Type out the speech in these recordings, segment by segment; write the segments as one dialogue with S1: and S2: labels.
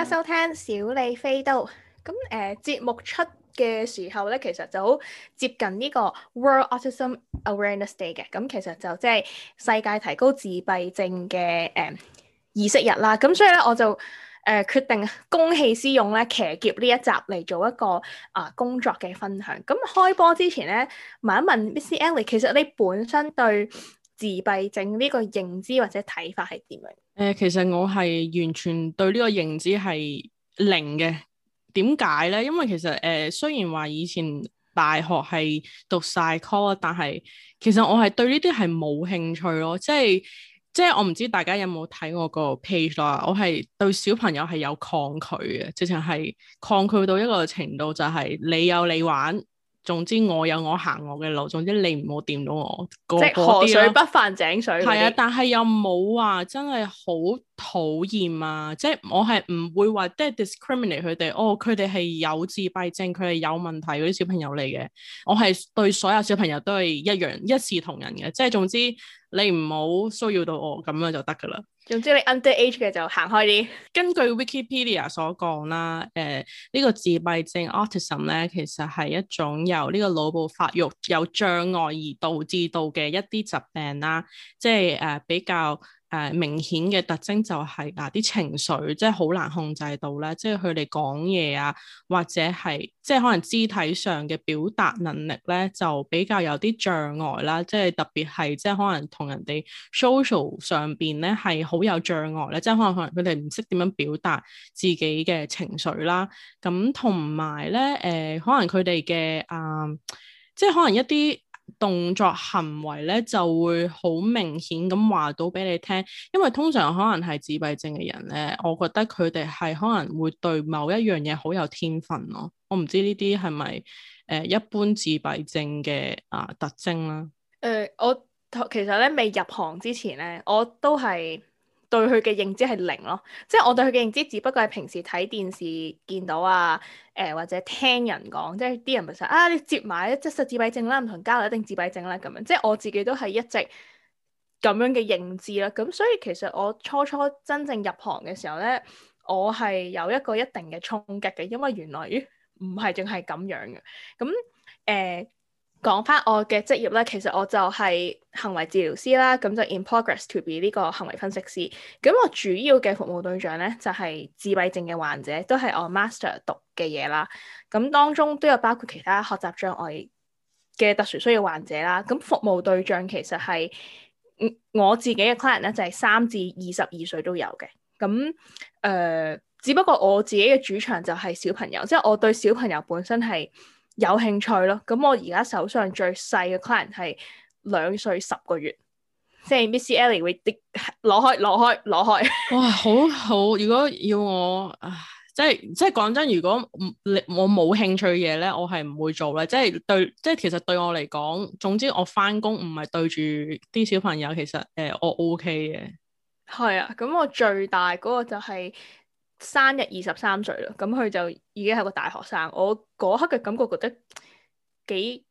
S1: 大家收聽小李非都咁，誒節目出嘅時候咧，其實就好接近呢個 World Autism Awareness Day 嘅，咁，其實就即係世界提高自閉症嘅誒意識日啦。咁所以咧，我就誒、呃、決定公器私用咧，騎劫呢一集嚟做一個啊、呃、工作嘅分享。咁開波之前咧，問一問 Miss Elly，其實你本身對？自閉症呢個認知或者睇法係點樣？
S2: 誒、呃，其實我係完全對呢個認知係零嘅。點解咧？因為其實誒、呃，雖然話以前大學係讀晒 call，但係其實我係對呢啲係冇興趣咯。即係即係我唔知大家有冇睇我個 page 啦。我係對小朋友係有抗拒嘅，直情係抗拒到一個程度，就係，就係你有你玩。總之我有我行我嘅路，總之你唔好掂到我。即係河水不
S1: 犯井水。係啊，但係
S2: 又冇話真係好討厭啊！即我係唔會話即 discriminate 佢哋。哦，佢哋係有自閉症，佢係有問題嗰啲小朋友嚟嘅。我係對所有小朋友都係一樣一視同仁嘅。即總之你唔好騷擾到我咁樣就得㗎啦。
S1: 總之你 under age 嘅就行開啲。根據 Wikipedia 所
S2: 講啦，誒、呃、呢、呢個自閉症 autism 咧，其實係一種由呢個腦部發育有障礙而導致到嘅一啲疾病啦，即係誒、呃、比較。誒、呃、明顯嘅特徵就係嗱啲情緒即係好難控制到啦。即係佢哋講嘢啊，或者係即係可能肢體上嘅表達能力咧，就比較有啲障礙啦。即係特別係即係可能同人哋 social 上邊咧係好有障礙咧，即係可能可能佢哋唔識點樣表達自己嘅情緒啦。咁同埋咧誒，可能佢哋嘅啊，即係可能一啲。動作行為咧就會好明顯咁話到俾你聽，因為通常可能係自閉症嘅人咧，我覺得佢哋係可能會對某一樣嘢好有天分咯。我唔知呢啲係咪誒一般自閉症嘅啊，呃、特徵啦。
S1: 誒、呃，我其實咧未入行之前咧，我都係。對佢嘅認知係零咯，即係我對佢嘅認知，只不過係平時睇電視見到啊，誒、呃、或者聽人講，即係啲人咪就啊，你接埋即係實自閉症啦，唔同交流一定自閉症啦咁樣，即係我自己都係一直咁樣嘅認知啦。咁所以其實我初初真正入行嘅時候咧，我係有一個一定嘅衝擊嘅，因為原來唔係淨係咁樣嘅。咁誒。呃講翻我嘅職業咧，其實我就係行為治療師啦，咁就 in progress to be 呢個行為分析師。咁我主要嘅服務對象咧，就係、是、自閉症嘅患者，都係我 master 讀嘅嘢啦。咁當中都有包括其他學習障礙嘅特殊需要患者啦。咁服務對象其實係我自己嘅 client 咧，就係、是、三至二十二歲都有嘅。咁誒、呃，只不過我自己嘅主場就係小朋友，即、就、係、是、我對小朋友本身係。有興趣咯，咁我而家手上最細嘅 client 係兩歲十個月， 即係 Missy Ellie 會啲攞開攞開攞開，
S2: 開開 哇！好好，如果要我，唉即係即係講真，如果唔你我冇興趣嘅嘢咧，我係唔會做啦。即係對，即係其實對我嚟講，總之我翻工唔係對住啲小朋友，其實誒、呃、我 OK 嘅。
S1: 係啊，咁我最大嗰個就係、是。生日二十三歲啦，咁佢就已經係個大學生。我嗰刻嘅感覺覺得幾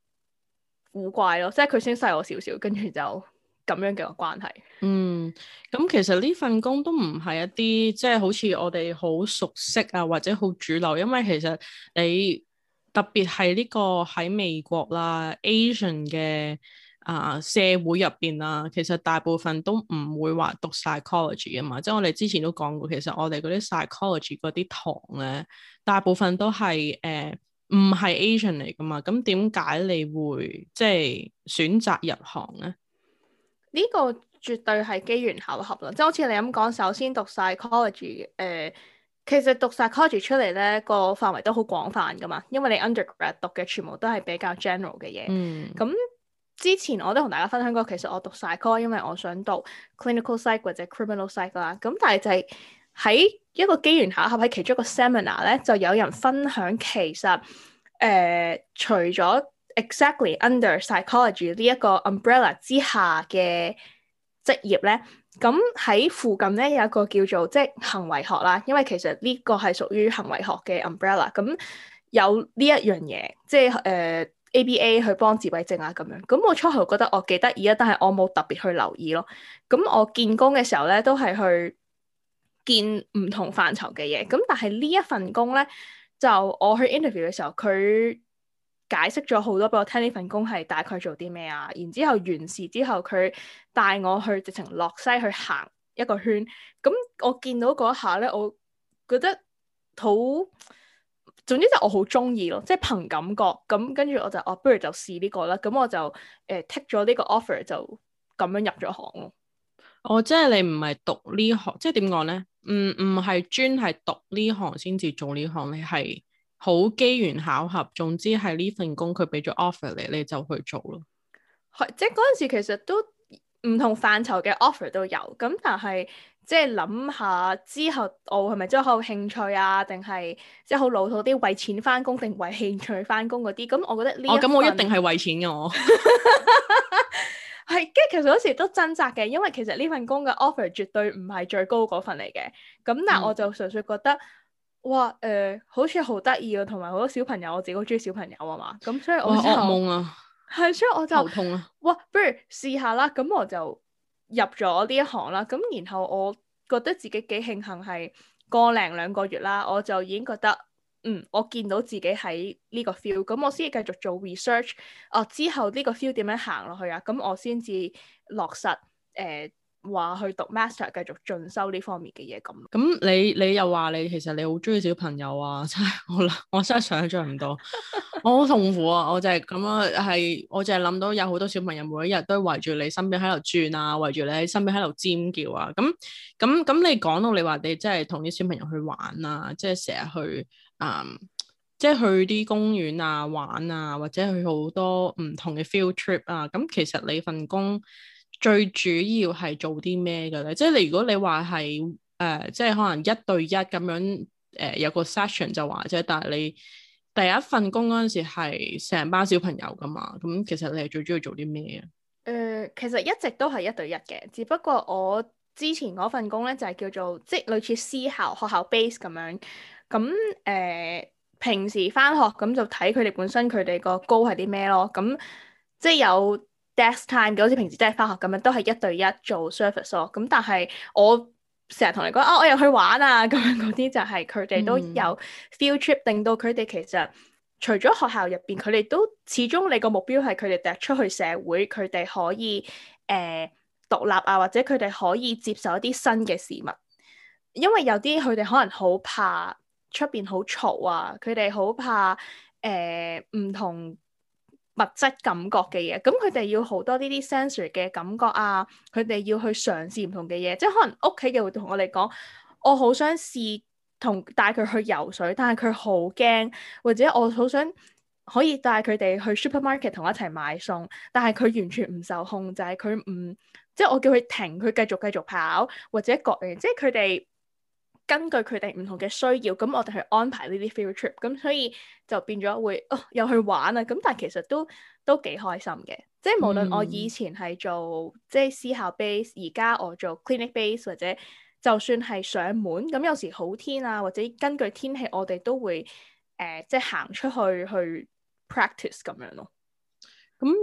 S1: 古怪咯，即係佢先細我少少，跟住就咁樣嘅個關係。
S2: 嗯，咁其實呢份工都唔係一啲，即係好似我哋好熟悉啊，或者好主流，因為其實你特別係呢個喺美國啦，Asian 嘅。As 啊！社會入邊啊，其實大部分都唔會話讀 psychology 啊嘛，即係我哋之前都講過，其實我哋嗰啲 psychology 啲堂咧，大部分都係誒唔係 Asian 嚟噶嘛。咁點解你會即係選擇入行咧？
S1: 呢個絕對係機緣巧合啦，即係好似你咁講，首先讀曬 college 誒，其實讀曬 college 出嚟咧個範圍都好廣泛噶嘛，因為你 undergrad 讀嘅全部都係比較 general 嘅嘢，嗯、咁。之前我都同大家分享過，其實我讀 psycho，因為我想讀 clinical psych 或者 criminal psych 啦。咁但係就係喺一個機緣巧合喺其中一個 seminar 咧，就有人分享其實誒、呃，除咗 exactly under psychology 呢一個 umbrella 之下嘅職業咧，咁喺附近咧有一個叫做即係行為學啦，因為其實呢個係屬於行為學嘅 umbrella。咁有呢一樣嘢，即係誒。呃 ABA 去幫自閉症啊咁樣，咁我初頭覺得我幾得意啊，但係我冇特別去留意咯。咁我見工嘅時候咧，都係去見唔同範疇嘅嘢。咁但係呢一份工咧，就我去 interview 嘅時候，佢解釋咗好多俾我聽呢份工係大概做啲咩啊。然之後完事之後，佢帶我去直情落西去行一個圈。咁我見到嗰下咧，我覺得好。總之就我好中意咯，即係憑感覺，咁跟住我就哦，不如就試呢個啦。咁、嗯、我就誒 take 咗呢個 offer 就咁樣入咗行咯。哦，
S2: 即係你唔係讀呢行，即係點講咧？唔唔係專係讀呢行先至做呢行，你係好機緣巧合。總之係呢份工佢俾咗 offer 你，你就去做咯。
S1: 係即係嗰陣時其實都唔同範疇嘅 offer 都有，咁但係。即係諗下之後我係咪好有興趣啊，定係即係好老土啲為錢翻工定為興趣翻工嗰啲？咁我覺得呢一份，我咁、哦、我一定係為
S2: 錢嘅我
S1: 係跟住其實有時都掙扎嘅，因為其實呢份工嘅 offer 絕對唔係最高嗰份嚟嘅。咁但係我就純粹覺得，嗯、哇誒、呃，好似好得意啊，同埋好多小朋友，我自己好中意小朋友啊嘛。咁所以我，我夢啊，係所以我就，啊、我就頭痛啊。哇，不如試下啦。咁我就。入咗呢一行啦，咁然後我覺得自己幾慶幸係個零兩個月啦，我就已經覺得嗯，我見到自己喺呢個 feel，咁我先至繼續做 research，哦、啊、之後呢個 feel 點樣行落去啊，咁我先至落實誒。呃話去讀 master 繼續進修呢方面嘅嘢咁。
S2: 咁你你又話你其實你好中意小朋友啊！真係好，我我真係想象唔到， 我好痛苦啊！我就係咁啊，係我就係諗到有好多小朋友每一日都圍住你身邊喺度轉啊，圍住你喺身邊喺度尖叫啊。咁咁咁，你講到你話你真係同啲小朋友去玩啊，即係成日去啊、嗯，即係去啲公園啊玩啊，或者去好多唔同嘅 field trip 啊。咁其實你份工，最主要係做啲咩嘅咧？即係你如果你話係誒，即係可能一對一咁樣誒、呃，有個 session 就話啫。但係你第一份工嗰陣時係成班小朋友噶嘛？咁其實你係最主要做啲咩啊？誒、呃，
S1: 其實一直都係一對一嘅，只不過我之前嗰份工咧就係、是、叫做即係、就是、類似私校學校 base 咁樣。咁誒、呃，平時翻學咁就睇佢哋本身佢哋個 goal 係啲咩咯？咁即係有。desk time 嘅，好似平時都係翻學咁樣，都係一對一做 service 咯。咁但係我成日同你講，啊、哦，我又去玩啊，咁樣嗰啲就係佢哋都有 field trip，定到佢哋其實除咗學校入邊，佢哋都始終你個目標係佢哋第日出去社會，佢哋可以誒、呃、獨立啊，或者佢哋可以接受一啲新嘅事物。因為有啲佢哋可能好怕出邊好嘈啊，佢哋好怕誒、呃、唔同。物質感覺嘅嘢，咁佢哋要好多呢啲 sensory 嘅感覺啊，佢哋要去嘗試唔同嘅嘢，即係可能屋企嘅會同我哋講，我好想試同帶佢去游水，但係佢好驚，或者我好想可以帶佢哋去 supermarket 同一齊買餸，但係佢完全唔受控制，佢唔即係我叫佢停，佢繼續繼續跑，或者各即係佢哋。根據佢哋唔同嘅需要，咁我哋去安排呢啲 field trip，咁所以就變咗會、哦，又去玩啊！咁但係其實都都幾開心嘅。即係無論我以前係做即係私校 base，而家我做 clinic base 或者就算係上門，咁有時好天啊，或者根據天氣，我哋都會誒、呃，即係行出去去 practice 咁樣咯。咁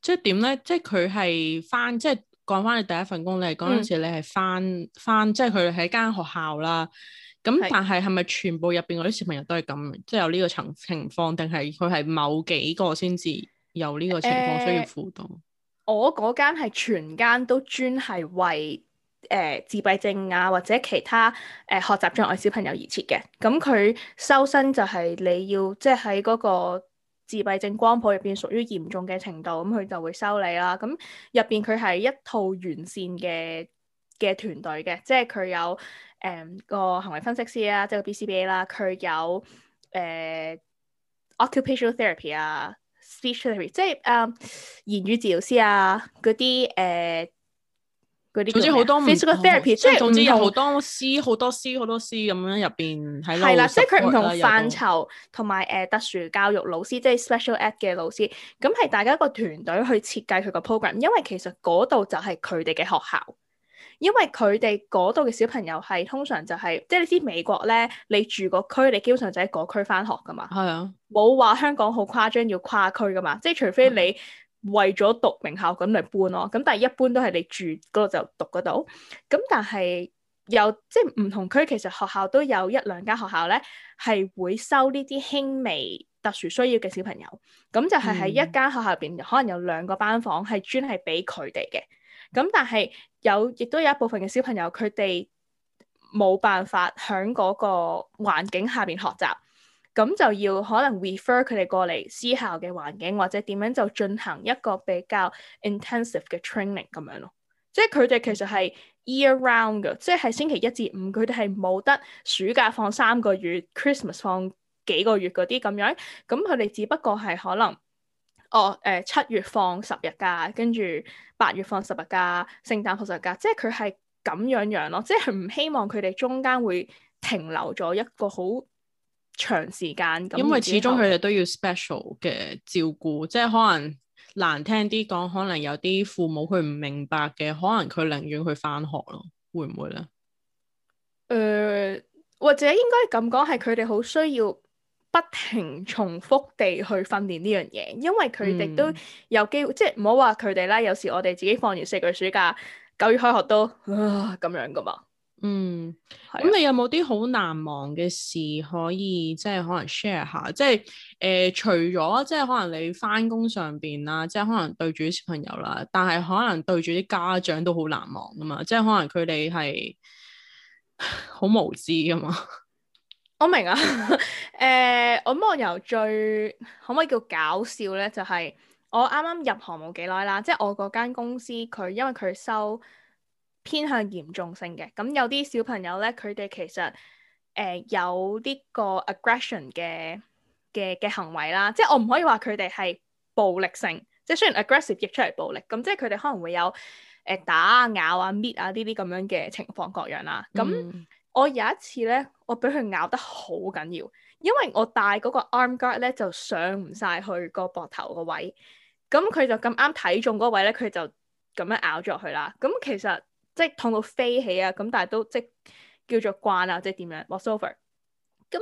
S2: 即係點咧？即係佢係翻即係。講翻你第一份工，你嗰陣時你係翻翻，即係佢喺間學校啦。咁但係係咪全部入邊嗰啲小朋友都係咁，是即係有呢個情情況，定係佢係某幾個先至有呢個情況需要輔導？呃、
S1: 我嗰間係全間都專係為誒、呃、自閉症啊或者其他誒、呃、學習障礙小朋友而設嘅。咁佢收生就係你要即係喺嗰個。自閉症光譜入邊屬於嚴重嘅程度，咁佢就會修理啦。咁入邊佢係一套完善嘅嘅團隊嘅，即係佢有誒、呃、個行為分析師啊，即係 BCBA 啦，佢有誒、呃、occupational therapy 啊，speech therapy，即係誒、呃、言語治療師啊嗰啲誒。總之好多 physical therapy 即係總之有好多
S2: 詩，好多詩，好多詩咁樣入邊係啦，即係佢唔同範疇，
S1: 同埋誒特殊教育老師，即係 special ed 嘅老師，咁係、嗯、大家一個團隊去設計佢個 program，因為其實嗰度就係佢哋嘅學校，因為佢哋嗰度嘅小朋友係通常就係、是，即係你知美國咧，你住個區，你基本上就喺嗰區翻學噶嘛，係啊、嗯，冇話香港好誇張要跨區噶嘛，即係除非你。嗯為咗讀名校咁嚟搬咯，咁但係一般都係你住嗰度就讀嗰度。咁但係有即係唔同區，其實學校都有一兩間學校咧，係會收呢啲輕微特殊需要嘅小朋友。咁就係喺一間學校入邊，嗯、可能有兩個班房係專係俾佢哋嘅。咁但係有亦都有一部分嘅小朋友，佢哋冇辦法喺嗰個環境下邊學習。咁就要可能 refer 佢哋過嚟私校嘅環境，或者點樣就進行一個比較 intensive 嘅 training 咁樣咯。即係佢哋其實係 year round 嘅，即係星期一至五佢哋係冇得暑假放三個月，Christmas 放幾個月嗰啲咁樣。咁佢哋只不過係可能，哦誒、呃、七月放十日假，跟住八月放十日假，聖誕放十日假。即係佢係咁樣樣咯，即係唔希望佢哋中間會停留咗一個好長時間，因為始終佢哋
S2: 後都要 special 嘅照顧，即係可能難聽啲講，可能有啲父母佢唔明白嘅，可能佢寧願佢返學咯，會唔會咧？
S1: 誒、呃，或者應該咁講，係佢哋好需要不停重複地去訓練呢樣嘢，因為佢哋都有機會，嗯、即係唔好話佢哋啦。有時我哋自己放完四個暑假，九月開學都咁、呃、樣㗎嘛。
S2: 嗯，咁的你有冇啲好難忘嘅事可以即係可能 share 下？即係誒，除咗即係可能你翻工上邊啦，即係可能對住啲小朋友啦，但係可能對住啲家長都好難忘噶嘛，即係可能佢哋係好無知噶嘛。
S1: 我明啊，誒、 呃，我望由最可唔可以叫搞笑咧？就係我啱啱入行冇幾耐啦，即係我嗰間公司佢因為佢收。偏向嚴重性嘅，咁有啲小朋友咧，佢哋其實誒、呃、有啲個 aggression 嘅嘅嘅行為啦，即係我唔可以話佢哋係暴力性，即係雖然 aggressive 譯出嚟暴力，咁即係佢哋可能會有誒、呃、打啊咬啊、搣啊呢啲咁樣嘅情況各樣啦。咁、嗯、我有一次咧，我俾佢咬得好緊要，因為我戴嗰個 arm guard 咧就上唔晒去個膊頭個位，咁佢就咁啱睇中嗰位咧，佢就咁樣咬咗佢啦。咁其實～即係痛到飛起啊！咁但係都即叫做慣啊，即係點樣？What's over？咁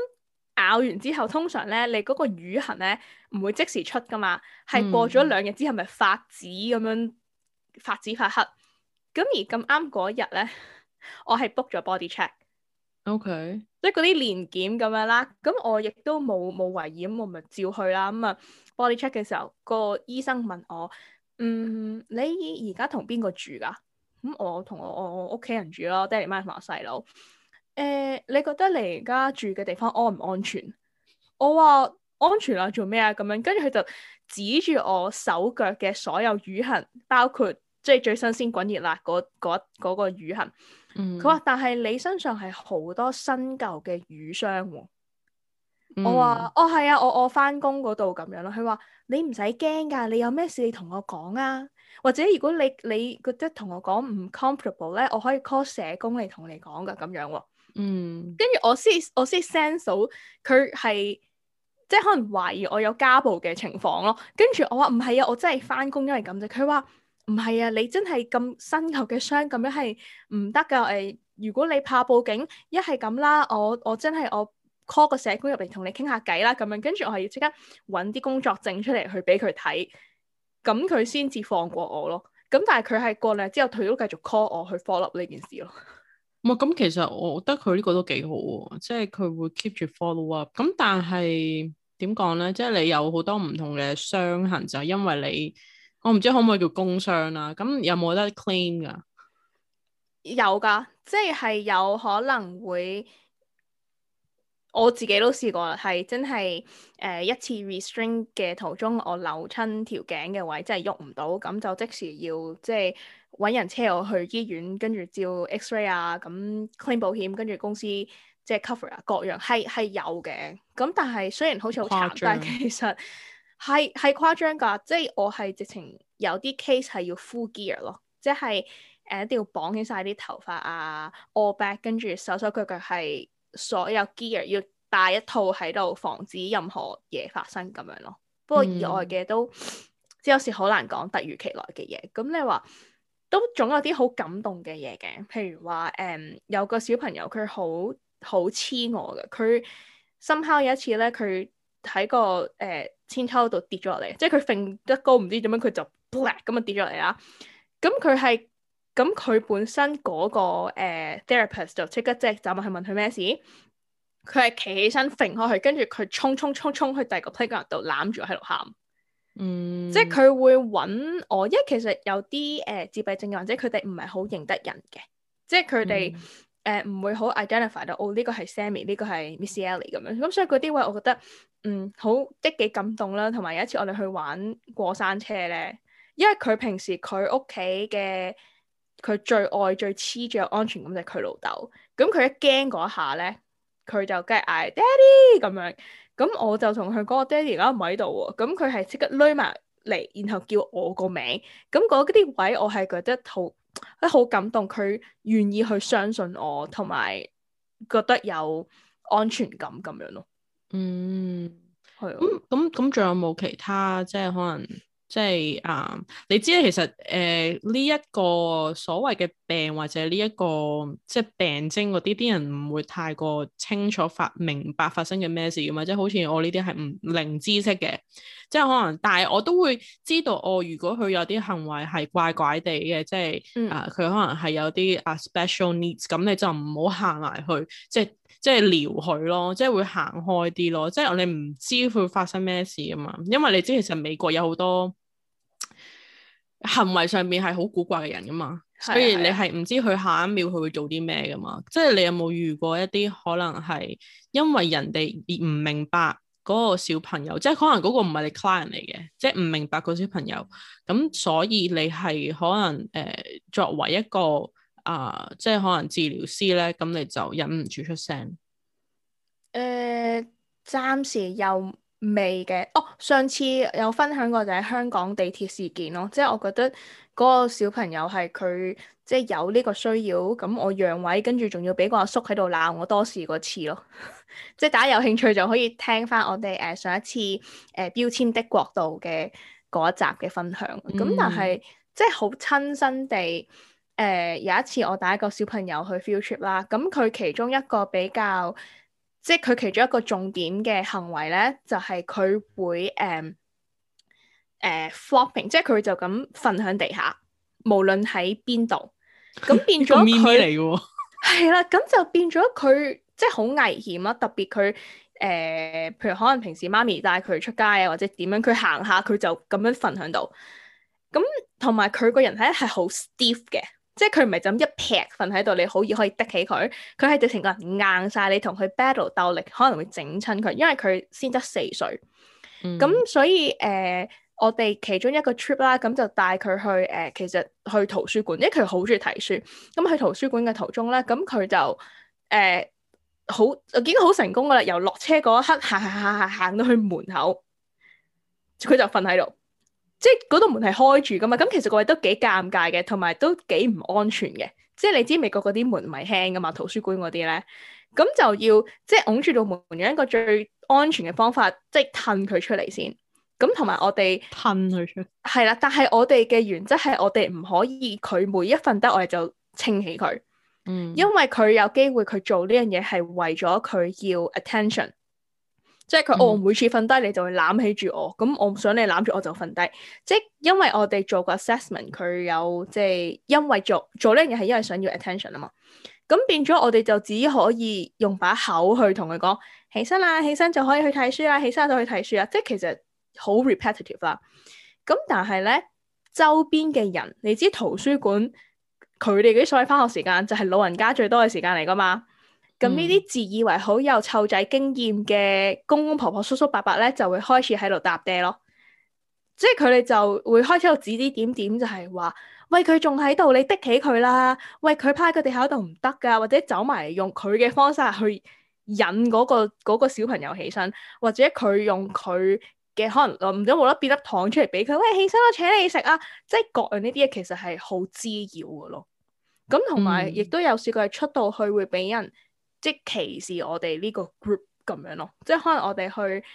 S1: 咬完之後，通常咧，你嗰個瘀痕咧唔會即時出噶嘛，係、嗯、過咗兩日之後，咪發紫咁樣，發紫發黑。咁而咁啱嗰日咧，我係 book 咗 body check Okay.。OK 即係嗰啲年檢咁樣啦。咁我亦都冇冇遺嫌，我咪照去啦。咁、嗯、啊，body check 嘅時候，個醫生問我：嗯，你而家同邊個住㗎？咁、嗯、我同我我我屋企人住咯，爹哋媽咪同我細佬。誒、呃，你覺得你而家住嘅地方安唔安全？我話安全啦，做咩啊？咁樣，跟住佢就指住我手腳嘅所有瘀痕，包括即係、就是、最新鮮滾熱辣嗰嗰嗰個瘀痕。佢話、嗯、但係你身上係好多新舊嘅瘀傷喎。我話，嗯、哦係啊，我我翻工嗰度咁樣咯。佢話你唔使驚噶，你有咩事你同我講啊。或者如果你你覺得同我講唔 comfortable 咧，我可以 call 社工嚟同你講噶，咁樣喎、啊。嗯，跟住我先我先 send 到佢係即係可能懷疑我有家暴嘅情況咯。跟住我話唔係啊，我真係翻工因為咁啫。佢話唔係啊，你真係咁新舊嘅傷咁樣係唔得噶。誒、呃，如果你怕報警，一係咁啦，我我真係我 call 個社工入嚟同你傾下偈啦。咁樣，跟住我係要即刻揾啲工作證出嚟去俾佢睇。咁佢先至放過我咯，咁但係佢係過嚟之後，佢都繼續 call 我去 follow up 呢件事咯。
S2: 唔係咁，其實我覺得佢呢個都幾好喎，即係佢會 keep 住 follow up。咁但係點講咧？即係你有好多唔同嘅傷痕，就係、因為你，我唔知可唔可以叫工傷啦、啊。咁有冇得 claim 㗎？
S1: 有㗎，即係有可能會。我自己都試過啦，係真係誒、呃、一次 restrain 嘅途中，我扭親條頸嘅位，真係喐唔到，咁就即時要即係揾人車我去醫院，跟住照 X-ray 啊，咁 clean 保險，跟住公司即 cover 啊，各樣係係有嘅。咁但係雖然好似好慘，張但係其實係係誇張㗎，即係我係直情有啲 case 係要 full gear 咯，即係誒一定要綁起晒啲頭髮啊，all back，跟住手手腳腳係。所有 gear 要帶一套喺度防止任何嘢發生咁樣咯。不過意外嘅都即、嗯、有時好難講，突如其來嘅嘢。咁你話都總有啲好感動嘅嘢嘅，譬如話誒、嗯、有個小朋友佢好好黐我嘅。佢深秋有一次咧，佢喺個誒、呃、鞦韆度跌咗落嚟，即係佢揈得高唔知點樣，佢就 black 咁啊跌咗落嚟啦。咁佢係。咁佢本身嗰，那個誒、呃、therapist 就即刻即係走埋去問佢咩事，佢係企起身揈開佢，跟住佢沖沖沖沖去第二個 playground 度攬住我喺度喊，嗯，即係佢會搵我，因為其實有啲誒、呃、自閉症嘅患者，佢哋唔係好認得人嘅，即係佢哋誒唔會好 identify 到哦呢，這個係 Sammy，呢個係 Missy Ellie 咁樣，咁、嗯、所以嗰啲位我覺得嗯好即係幾感動啦，同埋有，有一次我哋去玩過山車咧，因為佢平時佢屋企嘅。佢最愛最黐最有安全感爸爸就係佢老豆，咁佢一驚嗰下咧，佢就梗係嗌爹哋咁樣，咁我就同佢講，我爹哋而家唔喺度喎，咁佢係即刻匿埋嚟，然後叫我個名，咁嗰啲位我係覺得好，好感動，佢願意去相信我，同埋覺得有安全感咁樣咯。嗯，
S2: 係咁咁咁，仲有冇其他即係可能？即係啊，你知其實誒呢、呃、一個所謂嘅病或者呢一個即係病徵嗰啲，啲人唔會太過清楚發明白發生嘅咩事咁嘛，即係好似我呢啲係唔零知識嘅，即係可能，但係我都會知道，哦，如果佢有啲行為係怪怪地嘅，即係啊佢可能係有啲啊、uh, special needs，咁你就唔好行埋去即係。即係撩佢咯，即係會行開啲咯，即係我哋唔知佢會發生咩事㗎嘛。因為你知其實美國有好多行為上面係好古怪嘅人㗎嘛，所以是的 你係唔知佢下一秒佢會做啲咩㗎嘛。即係你有冇遇過一啲可能係因為人哋唔明白嗰個小朋友，即係可能嗰個唔係你 client 嚟嘅，即係唔明白個小朋友，咁所以你係可能誒、呃、作為一個。啊，即係可能治療師咧，咁你就忍唔住出聲。
S1: 誒、呃，暫時又未嘅。哦，上次有分享過就係香港地鐵事件咯，即係我覺得嗰個小朋友係佢即係有呢個需要，咁我讓位，跟住仲要俾個阿叔喺度鬧我多事嗰次咯。 即係大家有興趣就可以聽翻我哋誒、呃、上一次誒、呃、標籤的國度嘅嗰一集嘅分享。咁、嗯、但係即係好親身地。誒、uh，有一次，我帶一個小朋友去 field trip 啦。咁佢其中一個比較，即係佢其中一個重點嘅行為咧，就係、是、佢會誒誒、um, uh, flopping，即係佢就咁瞓響地下，無論喺邊度。咁變咗區嚟
S2: 喎，
S1: 係啦、 哦。 咁就變咗佢即係好危險啦。特別佢誒、呃，譬如可能平時媽咪帶佢出街啊，或者點樣走走，佢行下佢就咁樣瞓響度。咁同埋佢個人體係好 stiff 嘅。即係佢唔係就咁一劈瞓喺度，你好易可以扚起佢。佢係直情成個人硬晒，你同佢 battle 鬥力，可能會整親佢。因為佢先得四歲，咁、嗯、所以誒、呃，我哋其中一個 trip 啦、啊，咁就帶佢去誒、呃，其實去圖書館，因為佢好中意睇書。咁去圖書館嘅途中咧，咁佢就誒好、呃，已經好成功噶啦。由落車嗰一刻，行行行行行，行到去門口，佢就瞓喺度。即係嗰道門係開住㗎嘛，咁其實各位都幾尷尬嘅，同埋都幾唔安全嘅。即係你知美國嗰啲門唔係輕㗎嘛，圖書館嗰啲咧，咁就要即係拱住道門，用一個最安全嘅方法，即係褪佢出嚟先。咁同埋我哋褪佢出嚟。係啦。但係我哋嘅原則係，我哋唔可以佢每一份得，我哋就清起佢。嗯，因為佢有機會，佢做呢樣嘢係為咗佢要 attention。即係佢，我、哦、每次瞓低你就會攬起住我，咁我唔想你攬住我就瞓低。即係因為我哋做過 assessment，佢有即係因為做做呢樣嘢係因為想要 attention 啊嘛。咁變咗我哋就只可以用把口去同佢講起身啦，起身就可以去睇書啦，起身就去睇書啦。即係其實好 repetitive 啦。咁但係咧，周邊嘅人，你知圖書館佢哋嗰啲所謂翻學時間就係老人家最多嘅時間嚟噶嘛。咁呢啲自以為好有湊仔經驗嘅公公婆婆、叔叔伯伯咧，就會開始喺度搭爹咯，即係佢哋就會開始喺度指指點點，就係話：喂，佢仲喺度，你的起佢啦！喂，佢趴喺個地喺度唔得㗎，或者走埋用佢嘅方式去引嗰個嗰個小朋友起身，或者佢用佢嘅可能唔知冇得變粒糖出嚟俾佢，喂，起身啦，請你食啊！即係各樣呢啲嘢其實係好滋擾嘅咯。咁同埋亦都有試過出到去會俾人。即歧視我哋呢個 group 咁樣咯。即係可能我哋去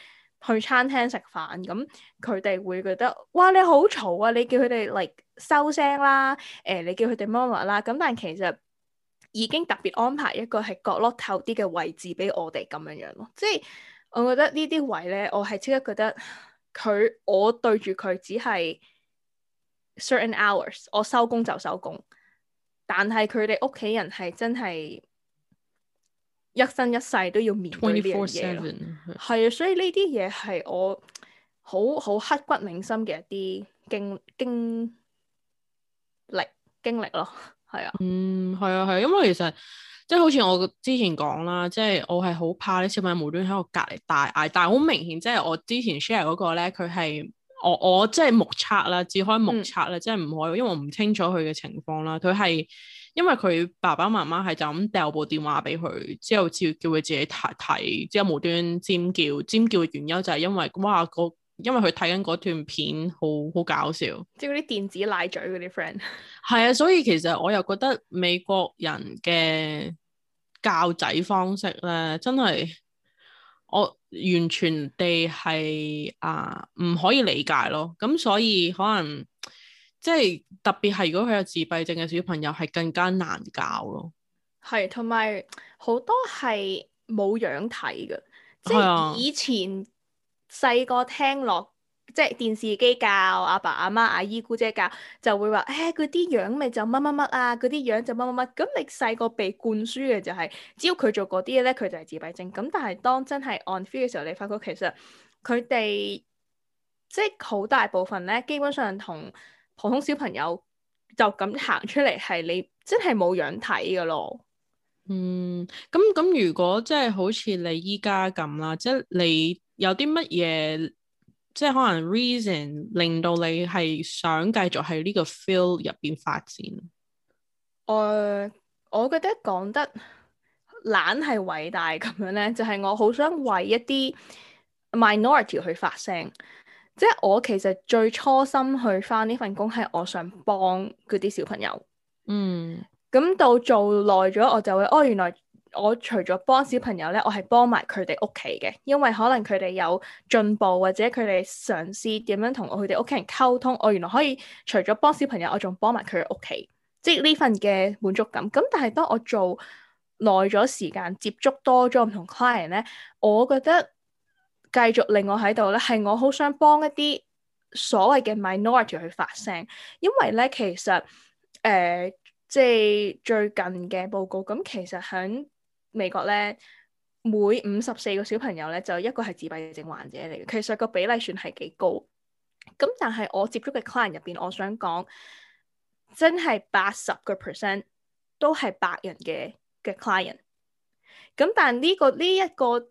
S1: 去餐廳食飯，咁佢哋會覺得哇，你好嘈啊！你叫佢哋嚟，收聲啦，誒、呃、你叫佢哋 mom 啦，咁但係其實已經特別安排一個係角落頭啲嘅位置俾我哋咁樣樣咯。即係我覺得呢啲位咧，我係即刻覺得佢我對住佢只係 certain hours，我收工就收工，但係佢哋屋企人係真係。一生一世都要面對呢啲嘢，係啊，所以呢啲嘢係我好好刻骨銘心嘅一啲經經歷經歷咯，係
S2: 啊，嗯，係啊，係啊，因為其實即係好似我之前講啦，即係我係好怕啲小朋友無端喺我隔離大嗌，但係好明顯即係我之前 share 嗰個咧，佢係我我即係目測啦，只可以目測啦，嗯，即係唔可以，因為我唔清楚佢嘅情況啦，佢係。因為佢爸爸媽媽係就咁掉部電話俾佢，之後叫叫佢自己睇睇，之後無端尖叫，尖叫嘅原因就係因為哇個，因為佢睇緊嗰段片好好搞笑，
S1: 即係嗰啲電子奶嘴嗰啲 friend。
S2: 係 啊，所以其實我又覺得美國人嘅教仔方式咧，真係我完全地係啊唔可以理解咯，咁所以可能。即係特別係如果佢有自閉症嘅小朋友係更加難教咯，
S1: 係同埋好多係冇樣睇嘅 ，
S2: 即係以
S1: 前細個聽落，即係電視機教阿爸阿媽阿姨姑姐教，就會話誒嗰啲樣咪就乜乜乜啊，嗰啲樣就乜乜乜，咁你細個被灌輸嘅就係、是，只要佢做嗰啲嘢咧，佢就係自閉症。咁但係當真係 on feel 嘅時候，你發覺其實佢哋即係好大部分咧，基本上同。普通小朋友就咁行出嚟，係你真係冇樣睇㗎咯。嗯，
S2: 咁咁如果即係好似你依家咁啦，即係你有啲乜嘢，即係可能 reason 令到你係想繼續喺呢個 field 入邊發展。
S1: 誒、呃，我覺得講得懶係偉大咁樣咧，就係、是、我好想為一啲 minority 去發聲。即係我其實最初心去返呢份工係我想幫嗰啲小朋友，嗯，咁到做耐咗我就會，哦原來我除咗幫小朋友咧，我係幫埋佢哋屋企嘅，因為可能佢哋有進步或者佢哋嘗試點樣同佢哋屋企人溝通，我原來可以除咗幫小朋友，我仲幫埋佢嘅屋企，即係呢份嘅滿足感。咁但係當我做耐咗時間接觸多咗唔同 client 咧，我覺得，繼續令我喺度咧，係我好想幫一啲所謂嘅 minority 去發聲，因為咧其實誒、呃、即係最近嘅報告，咁其實喺美國咧每五十四個小朋友咧就一個係自閉症患者嚟嘅，其實個比例算係幾高。咁但係我接觸嘅 client 入邊，我想講真係八十個 percent 都係白人嘅嘅 client。咁但係呢個呢一個。這個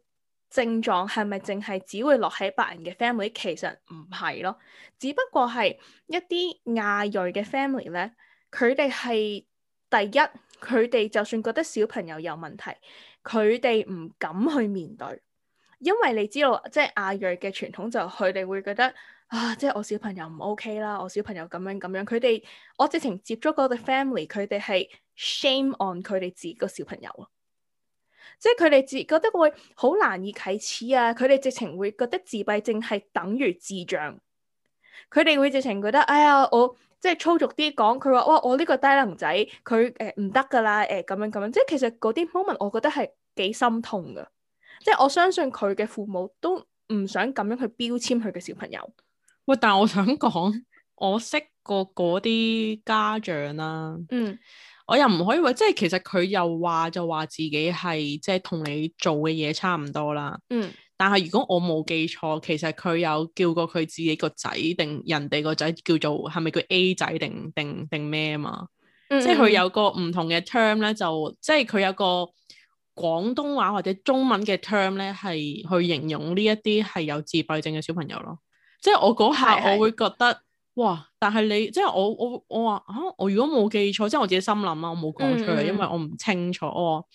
S1: 症狀係咪淨係只會落喺白人嘅 family？其實唔係咯，只不過係一啲亞裔嘅 family 咧，佢哋係第一，佢哋就算覺得小朋友有問題，佢哋唔敢去面對，因為你知道，即係亞裔嘅傳統就佢哋會覺得啊，即係我小朋友唔 OK 啦，我小朋友咁樣咁樣，佢哋我直情接觸嗰啲 family，佢哋係 shame on 佢哋自己個小朋友。即係佢哋自覺得會好難以啟齒啊！佢哋直情會覺得自閉症係等於智障，佢哋會直情覺得哎呀，我即係粗俗啲講，佢話哇，我呢個低能仔，佢誒唔得噶啦，誒咁樣咁樣。即係其實嗰啲 moment，我覺得係幾心痛噶。即係我相信佢嘅父母都唔想咁樣去標籤佢嘅小朋友。
S2: 喂，但係我想講，我識過嗰啲家長啦。嗯。我又唔可以話，即係其實佢又話就話自己係即係同你做嘅嘢差唔多啦。嗯。但係如果我冇記錯，其實佢有叫過佢自己個仔定人哋個仔叫做係咪叫 A 仔定定定咩啊嘛？嗯。即係佢有個唔同嘅 term 咧，就即係佢有個廣東話或者中文嘅 term 咧，係去形容呢一啲係有自閉症嘅小朋友咯。即係我嗰下，我會覺得。係係哇！但係你即係我我我話啊，我如果冇記錯，即係我自己心諗啊，我冇講出嚟，嗯嗯因為我唔清楚。我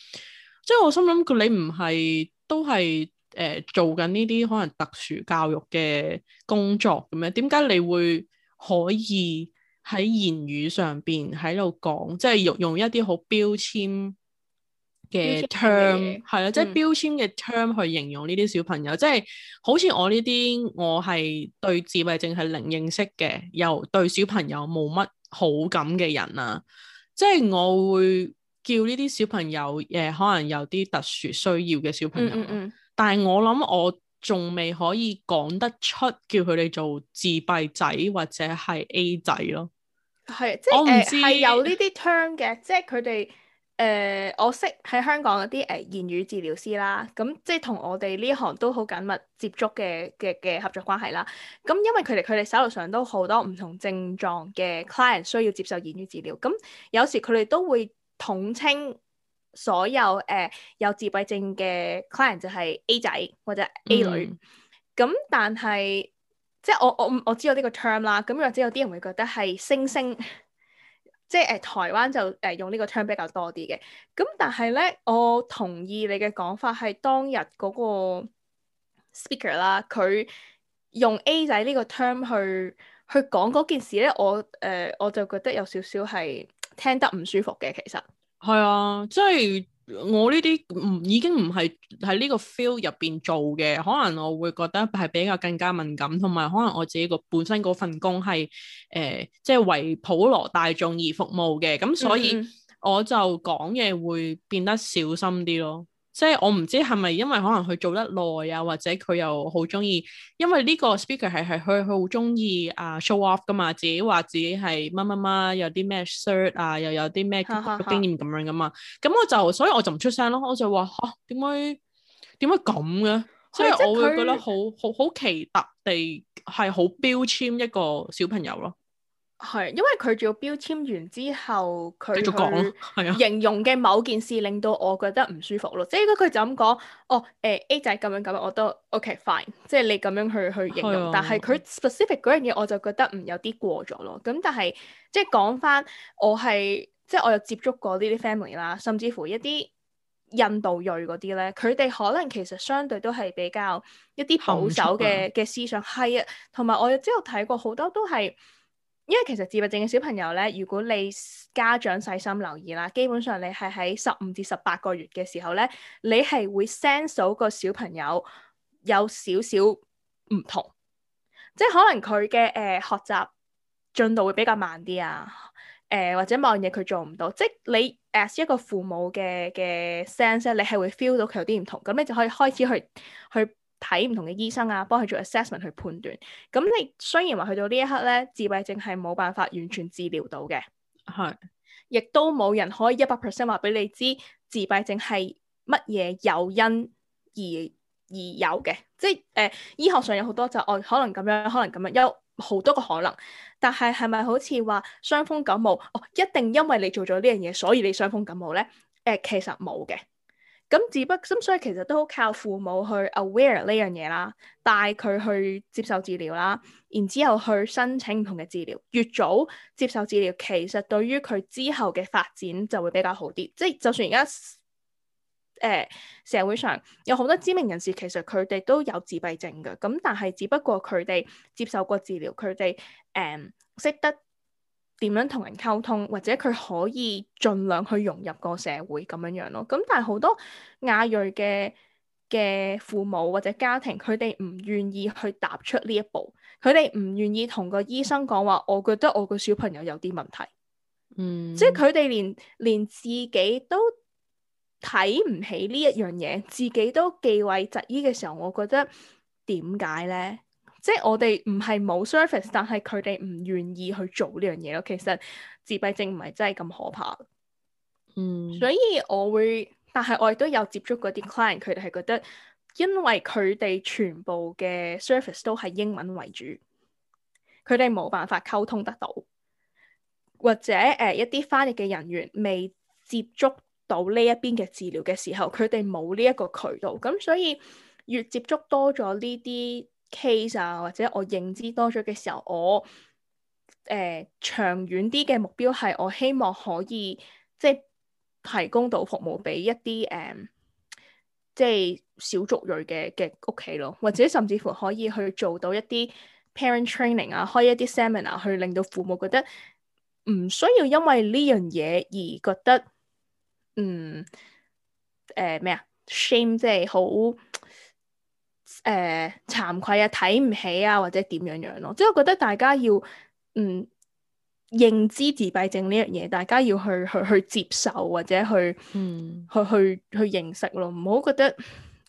S2: 即係我心諗佢，你唔係都係誒、呃、做緊呢啲可能特殊教育嘅工作嘅咩？點解你會可以喺言語上邊喺度講，即係用用一啲好標籤？嘅的 term 係啊。即係標籤嘅 term 去形容呢啲小朋友，嗯、即係好似我呢啲，我係對自閉症係零認識嘅，又對小朋友冇乜好感嘅人啊，即係我會叫呢啲小朋友誒、呃，可能有啲特殊需要嘅小朋友，嗯嗯但係我諗我仲未可以講得出叫佢哋做自閉仔或者係 A 仔咯，
S1: 係即係我唔知，係有呢啲 term 嘅，即係佢哋。誒、呃，我識喺香港嗰啲誒言語治療師啦，咁即係同我哋呢行都好緊密接觸嘅嘅嘅合作關係啦。咁因為佢哋佢哋手頭上都好多唔同症狀嘅 client 需要接受言語治療，咁有時佢哋都會統稱所有誒、呃、有自閉症嘅 client 就係 A 仔或者 A 女。咁、嗯、但係即係我我我知道呢個 term 啦。咁或者有啲人會覺得係星星。即係誒、呃、台灣就誒、呃、用呢個 term 比較多啲嘅，咁但係咧，我同意你嘅講法，係當日嗰個 speaker 啦，佢用 A 仔呢個 term 去去講嗰件事咧，我誒、呃、我就覺得有少少係聽得唔舒服嘅，其實係啊，
S2: 即係。我呢啲唔已經唔係喺呢個 field 入邊做嘅，可能我會覺得係比較更加敏感，同埋可能我自己個本身嗰份工係誒即係為普羅大眾而服務嘅，咁所以我就講嘢會變得小心啲咯。即係我唔知係咪因為可能佢做得耐啊，或者佢又好中意，因為呢個 speaker 係係佢佢好中意啊 show off 噶嘛，自己話自己係乜乜乜，有啲咩 cert 啊，又有啲咩經驗咁樣噶嘛。咁 我就所以我就唔出聲咯，我就話嚇點解點解咁嘅？啊、的所以我會覺得他好好好奇特地係好標籤一個小朋友咯。
S1: 係，因為佢仲要標籤完之後，佢去形容嘅某件事令到我覺得唔舒服咯。的即係如果佢就咁講，哦，誒、欸、A 仔咁樣咁樣，我都 OK fine。即係你咁樣去去形容，的但係佢 specific 嗰樣嘢，我就覺得唔有啲過咗咯。咁但係即係講返，我係即係我有接觸過呢啲 family 啦，甚至乎一啲印度裔嗰啲咧，佢哋可能其實相對都係比較一啲保守嘅嘅思想係啊。同埋我之後睇過好多都係。因為其實自閉症嘅小朋友咧，如果你家長細心留意啦，基本上你係喺十五至十八個月嘅時候咧，你係會 sense 到個小朋友有少少唔同，即係可能佢嘅誒學習進度會比較慢啲啊，誒、呃、或者某樣嘢佢做唔到，即係你 as 一個父母嘅嘅 sense，你係會 feel 到佢有啲唔同，咁你就可以開始去去睇唔同嘅醫生啊，幫佢做 assessment 去判斷。咁你雖然話去到呢一刻咧，自閉症係冇辦法完全治療到嘅，係的，亦都冇人可以一百 percent 話俾你知自閉症係乜嘢誘因而而有嘅。即係誒、呃，醫學上有好多就是、哦，可能咁樣，可能咁樣，有好多個可能。但係係咪好似話傷風感冒，哦，一定因為你做咗呢樣嘢，所以你傷風感冒咧？誒、呃，其實冇嘅。咁，只不咁，所以其實都好靠父母去 aware 呢樣嘢啦，帶佢去接受治療啦，然之後去申請唔同嘅治療。越早接受治療，其實對於佢之後嘅發展就會比較好啲。即係就算而家誒社會上有好多知名人士，其實佢哋都有自閉症嘅，咁但係只不過佢哋接受過治療，佢哋誒識得，點樣同人溝通，或者佢可以盡量去融入個社會咁樣樣咯。咁但係好多亞裔嘅嘅父母或者家庭，佢哋唔願意去踏出呢一步，佢哋唔願意同個醫生講話。嗯、我覺得我個小朋友有啲問題，嗯，
S2: 即係
S1: 佢哋連連自己都睇唔起呢一樣嘢，自己都忌諱疾醫嘅時候，我覺得點解咧？即係我哋唔係冇 service，但係佢哋唔願意去做呢樣嘢咯。其實自閉症唔係真係咁可怕。嗯，所以我會，但係我亦都有接觸嗰啲 client，佢哋係覺得因為佢哋全部嘅 service 都係英文為主，佢哋冇辦法溝通得到，或者誒一啲翻譯嘅人員未接觸到呢一邊嘅治療嘅時候，佢哋冇呢一個渠道。咁所以越接觸多咗呢啲 case 啊，或者我認知多咗嘅時候，我誒、呃、長遠啲嘅目標係，我希望可以即係提供到服務俾一啲誒、嗯、即係小族裔嘅嘅屋企咯，或者甚至乎可以去做到一啲 parent training 啊，開一啲 seminar 去令到父母覺得唔需要因為呢樣嘢而覺得嗯誒咩啊 shame 即係好。誒，慚、呃、愧啊，睇唔起啊，或者點樣樣、啊、咯，即係我覺得大家要，嗯，認知自閉症呢樣嘢，大家要去去去接受或者去，去，去、啊，嗯，去去去認識咯，唔好覺得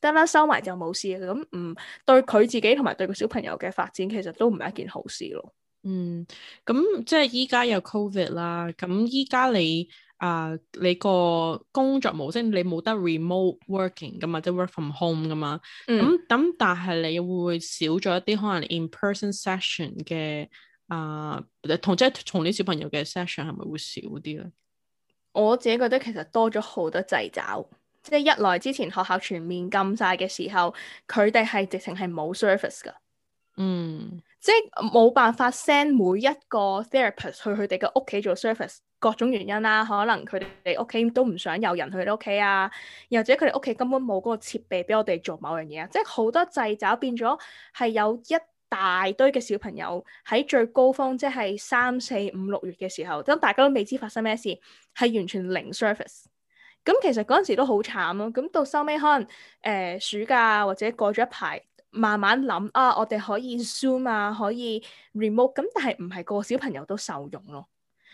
S1: 得啦收埋就冇事嘅，咁唔對佢自己同埋對個小朋友嘅發展，其實都唔係一件好事咯、啊。嗯，
S2: 咁即係依家有 COVID 啦，咁依家你。啊！Uh, 你個工作模式你冇得 remote working 噶嘛，即係 work from home 噶嘛。咁咁、嗯、但係你會，會少咗一啲可能 in person session 嘅啊，同即係同啲小朋友嘅 session 係咪會少啲咧？
S1: 我自己覺得其實多咗好多掣肘，即係一來之前學校全面禁晒嘅時候，佢哋係直情係冇 service 噶。
S2: 嗯。
S1: 即係冇辦法 send 每一個 therapist 去佢哋嘅屋企做 service，各種原因啦、啊，可能佢哋屋企都唔想有人去你屋企啊，又或者佢哋屋企根本冇嗰個設備俾我哋做某樣嘢啊，即係好多掣肘，變咗係有一大堆嘅小朋友喺最高峰，即係三四五六月嘅時候，咁大家都未知發生咩事，係完全零 service。咁其實嗰陣時都好慘咯、啊。咁到收尾可能誒、呃、暑假或者過咗一排。慢慢諗啊，我哋可以 zoom 啊，可以 remote 咁，但係唔係個個小朋友都受用咯。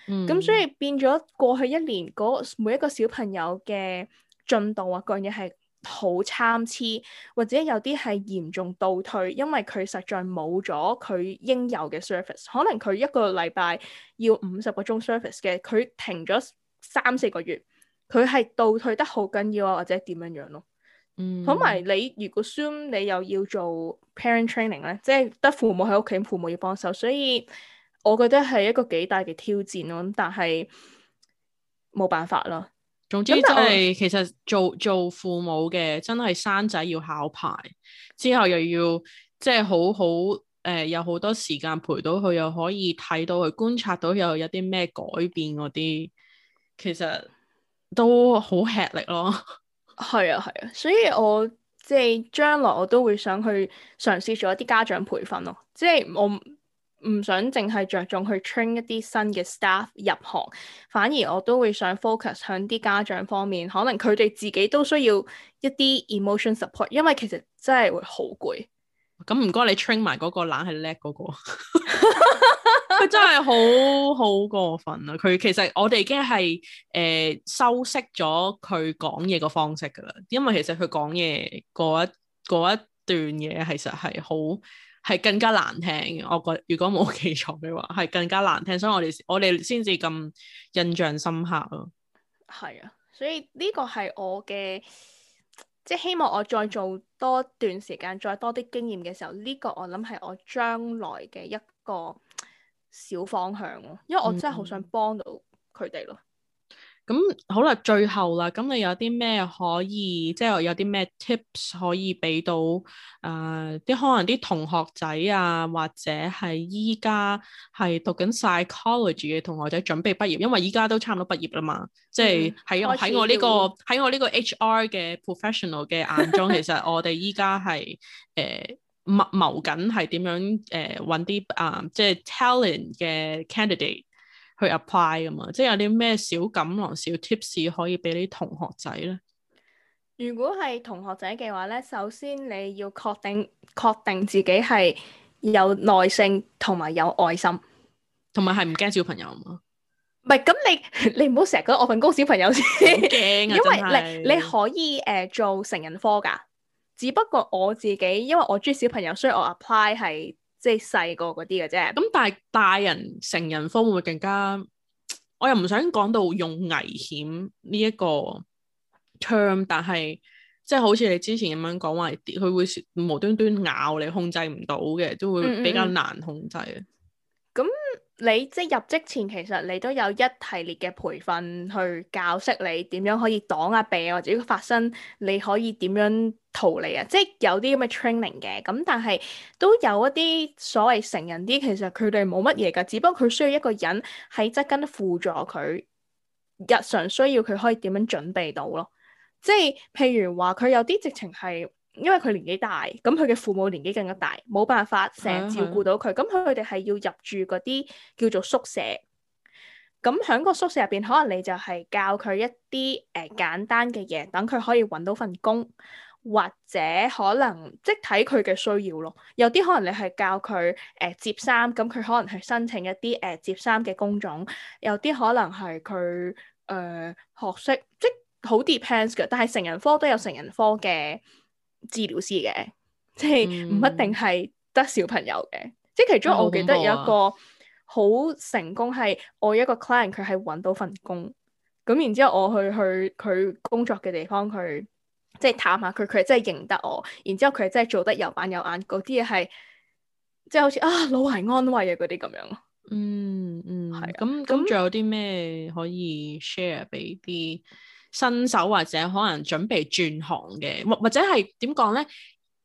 S1: 咁、嗯、所以變咗過去一年每一個小朋友嘅進度啊，個樣嘢係好參差，或者有啲係嚴重倒退，因為佢實在冇咗佢應有嘅 service。可能佢一個禮拜要五十個鐘 service 嘅，佢停咗三四個月，佢係倒退得好緊要啊，或者點樣樣、啊、咯？嗯，同埋你如果 Zoom 你又要做 parent training 咧，即係得父母喺屋企，父母要幫手，所以我覺得係一個幾大嘅挑戰咯。但係冇辦法咯。總之就係，
S2: 其實做做父母嘅真係生仔要考牌，之後又要即係好好誒，有好多時間陪到佢，又可以睇到佢，觀察到又有啲咩改變嗰啲，其實都好吃力咯。
S1: 係啊，係啊，所以我即係將來我都會想去嘗試做一啲家長培訓咯，即係我唔想淨係着重去 train 一啲新嘅 staff 入行，反而我都會想 focus 喺啲家長方面，可能佢哋自己都需要一啲 emotion support，因為其實真係會好攰。
S2: 咁唔該，你 train 埋嗰個懶係叻嗰個
S1: 佢真係好
S2: 好過分啊！佢其實我哋已經係誒、呃、修飾咗佢講嘢個方式噶啦，因為其實佢講嘢嗰一一段嘢，其實係好係更加難聽嘅。我覺得如果冇記錯嘅話，係更加難聽，所以我哋我哋先至咁印象深刻咯。
S1: 係啊，所以呢個係我嘅。即希望我再做多段時間，再多啲經驗嘅時候，呢個我諗係我將來嘅一個小方向咯，因為我真係好想幫到佢哋咯。
S2: 咁好啦，最後啦，咁你有啲咩可以，即係有啲咩 tips 可以俾到？誒、呃，啲可能啲同學仔啊，或者係依家係讀緊 psychology 嘅同學仔準備畢業，因為依家都差唔多畢業啦嘛。即係喺我喺我呢、呢個喺我呢個 HR 嘅 professional 嘅眼中， 其實我哋依家係誒謀謀緊係點樣誒揾啲啊，即係 talent 嘅 candidate，去 apply 啊嘛，即係有啲咩小錦囊、小 tips 可以俾你同學
S1: 仔咧？如果係同學仔嘅話咧，首先你要確定確定自己係有耐性同埋有愛心，同埋係
S2: 唔驚小朋友啊嘛？
S1: 唔係，咁你你唔好成日覺得我份工小朋友先
S2: 驚、 啊、因為你你
S1: 可以誒、呃、做成人科噶，只不過我自己因為我中意小朋友，所以我 apply 係。即係細個嗰啲嘅啫，咁，嗯、但
S2: 係大人成人科會更加，我又唔想講到用危險呢一個 term，但係即係好似你之前咁樣講話，佢會無端端咬你，控制唔到嘅，都會比較難控制。嗯嗯。
S1: 你即入職前其實你都有一系列嘅培訓去教識你點樣可以擋啊避或者發生，你可以點樣逃離啊？即有啲咁嘅 training 嘅，咁但係都有一啲所謂成人啲，其實佢哋冇乜嘢噶，只不過佢需要一個人喺側跟輔助佢日常需要佢可以點樣準備到咯。即譬如話佢有啲直情係。因為佢年紀大，咁佢嘅父母年紀更加大，冇辦法成日照顧到佢，咁佢哋係要入住嗰啲叫做宿舍。咁喺個宿舍入邊，可能你就係教佢一啲誒、呃、簡單嘅嘢，等佢可以搵到份工，或者可能即睇佢嘅需要咯。有啲可能你係教佢誒、呃、接衫，咁佢可能係申請一啲誒、呃、接衫嘅工種。有啲可能係佢誒學識，即、就、好、是、depends 嘅。但係成人科都有成人科嘅。治療師嘅，即係唔一定係得小朋友嘅，嗯、即係其中我記得有一個好成功係我一個 client 佢係搵到份工，咁然之後我去去佢工作嘅地方去，即係探下佢，佢係真係認得我，然之後佢係真係做得有板有眼，嗰啲嘢係即係好似啊老懷安慰啊嗰啲咁樣。
S2: 嗯嗯，係咁咁，仲有啲咩可以 share 俾啲？新手或者可能準備轉行嘅，或或者係點講咧？誒、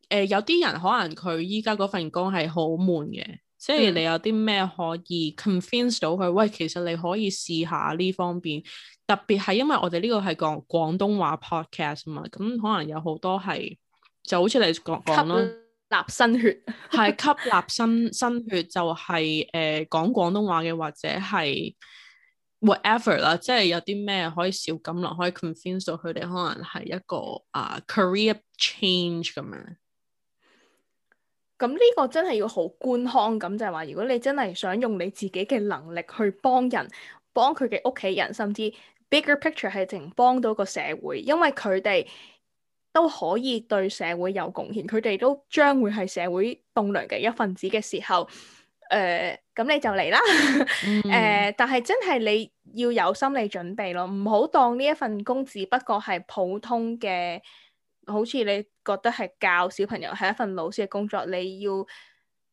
S2: 呃，有啲人可能佢依家嗰份工係好悶嘅，即係你有啲咩可以 convince 到佢？喂，其實你可以試下呢方面。特別係因為我哋呢個係講、， 就係呃、講廣東話 podcast 啊嘛，咁可能有好多係就好似你講講咯，吸納新血，係吸納新新血就係誒講廣東話嘅或者係。whatever 啦，即係有啲咩可以少咁落， 可以 convince 到佢哋可能係一個啊 career, uh, change 咁樣。
S1: 咁呢個真係要好官腔咁，就係話如果你真係想用你自己嘅能力去幫人，幫佢嘅屋企人，甚至 bigger picture 係直情幫到個社會，因為佢哋都可以對社會有貢獻，佢哋都將會係社會棟梁嘅一份子嘅時候。誒，咁、呃、你就嚟啦！誒、 呃，但係真係你要有心理準備咯，唔好當呢一份工只不過係普通嘅，好似你覺得係教小朋友係一份老師嘅工作。你要，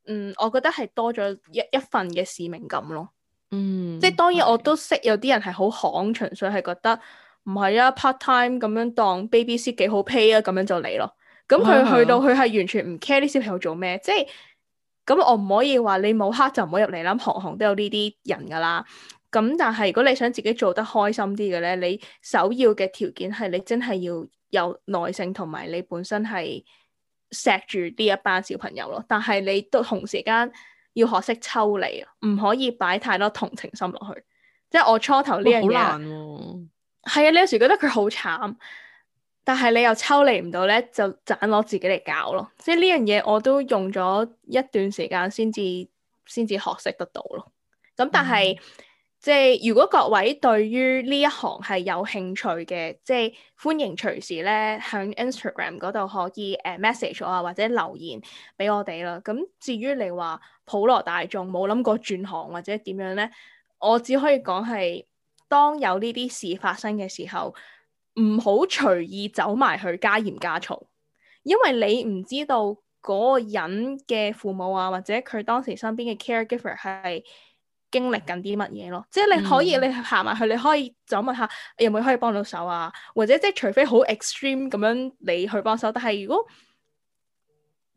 S1: 嗯，我覺得係多咗一一份嘅使命感咯。嗯，即係當然我都識有啲人係好行，純、嗯、是粹係覺得唔係啊，part time 咁樣當 babysit，幾好 pay 啊，咁樣就嚟咯。咁佢、嗯、去到佢係完全唔 care 啲小朋友做咩，即係。咁我唔可以話你冇黑就唔好入嚟啦，行行都有呢啲人噶啦。咁但係如果你想自己做得開心啲嘅咧，你首要嘅條件係你真係要有耐性，同埋你本身係錫住呢一班小朋友咯。但係你都同時間要學識抽離，唔可以擺太多同情心落去。即係我初頭呢樣嘢，欸，好難，係啊，你有時覺得佢好慘。但係你又抽離唔到咧，就盞攞自己嚟搞咯。即係呢樣嘢，我都用咗一段時間先至先至學識得到咯。咁但係、嗯、即係如果各位對於呢一行係有興趣嘅，即係歡迎隨時咧響 Instagram 嗰度可以誒，呃、message 我啊，或者留言俾我哋啦。咁至於你話普羅大眾冇諗過轉行或者點樣咧，我只可以講係當有呢啲事發生嘅時候。唔好隨意走埋去加鹽加醋，因為你唔知道嗰個人嘅父母啊，或者佢當時身邊嘅 caregiver 係經歷緊啲乜嘢咯。即係你可以你行埋去，你可以走問下有冇可以幫到手啊，或者即係除非好 extreme 咁樣你去幫手，但係如果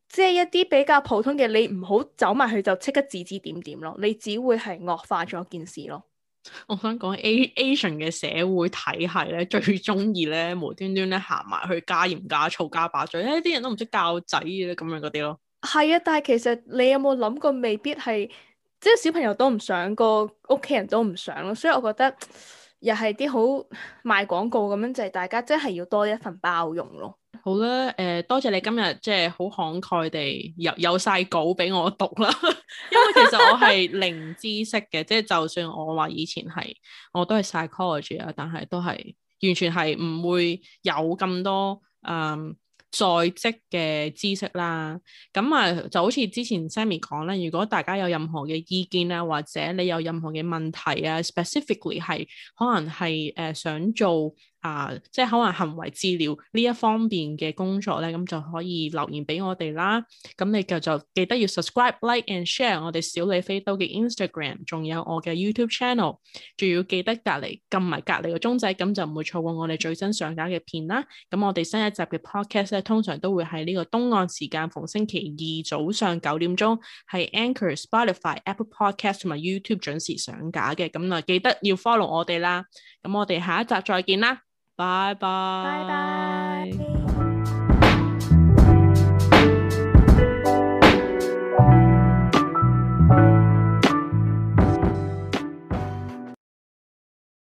S1: 即係一啲比較普通嘅，你唔好走埋去就即刻指指點點咯，你只會係惡化咗件事咯。
S2: 我想講 Asian 嘅社會體系咧，最中意咧，無端端咧行埋去加鹽加醋加把嘴，咧、哎、啲人都唔識教仔嘅咁樣嗰啲咯。
S1: 係啊，但係其實你有冇諗過？未必係，即係小朋友都唔想，個屋企人都唔想咯，所以我覺得又係啲好賣廣告咁樣，就係大家真係要多一份包容咯。
S2: 好啦，誒、呃，多謝你今日即係好慷慨地有有曬稿俾我讀啦。 因為其實我係零知識嘅，即係 就，就算我話以前係我都係 psychology 啊，但係都係完全係唔會有咁多誒、呃、在職嘅知識啦。咁啊，就好似之前 Sammy 講啦，如果大家有任何嘅意見啊，或者你有任何嘅問題啊，specifically 係可能係誒、呃、想做。啊，即係可能行為治療呢一方面嘅工作咧，咁、嗯、就可以留言俾我哋啦。咁、嗯、你就就記得要 subscribe、like and share 我哋小李非都嘅 Instagram，仲有我嘅 YouTube channel，仲要記得隔離撳埋隔離個鐘仔，咁、嗯、就唔會錯過我哋最新上架嘅片啦。咁、嗯、我哋新一集嘅 podcast 咧，通常都會喺呢個東岸時間逢星期二早上九點鐘喺 Anchor、An or, Spotify、Apple Podcast 同埋 YouTube 準時上架嘅，咁、嗯、啊、嗯、記得要 follow 我哋啦。咁、嗯、我哋下一集再見啦。拜拜。